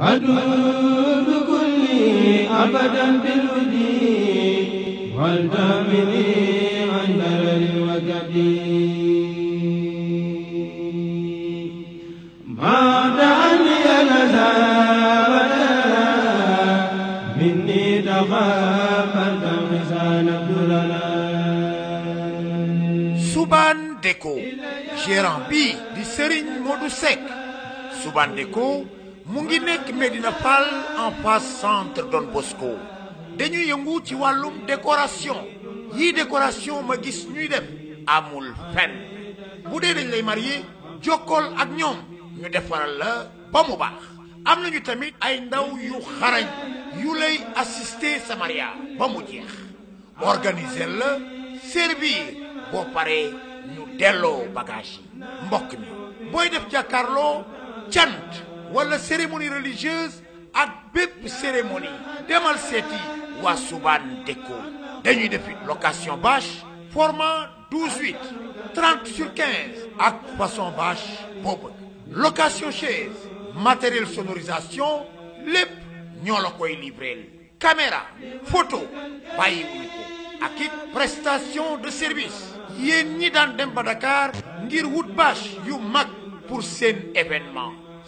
وادود كلي أبدا بالهدي والتامني عند الوجد بعد أن ينزل مني تخافت حسان الدلال سبان ديكو gérant bi di Serigne Modou Seck mu ngi Fall en face centre Don Bosco dañuy yëngu ci walum décoration Yi décoration ma gis ñuy dem amul fen. bu dee dañ lay marié jokol ak ñom ñu défaral la ba mu baax am nañu tamit ay ndaw yu xarañ yu lay assister sa mariage ba mu jeex organiser la servir bo paré ñu delloo bagage yi mbokk mi boy def Carlo, tiant wala cérémonie religieuse ak bépp cérémonie demal seeti waa Soubane Déco dañuy def it location bâche format 12 8 30 sur 15 ak façon bâche boobu location chaise matériel sonorisation lépp ñoo la koy livreel caméra photo bàyyi wuñu ko ak prestation de service yéen ñi daan dem ngir wut bâche yu mag pour seen événement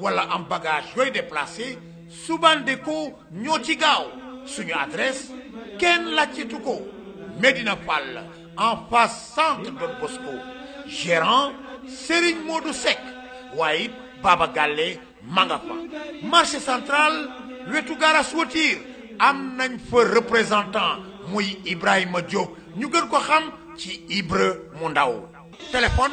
wala en bagage vais déplacer. Souban ñoo ñoti gaaw suñu adresse la ci Medina Fall en face centre de Bosco gérant Serigne Modou sec Baba Galle Mangafa. marché central le garas wotiir am nañ fa représentant Moui Ibrahima Diop ñu gën ko xam ci téléphone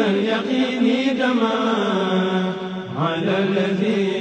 اليقين كما على الذي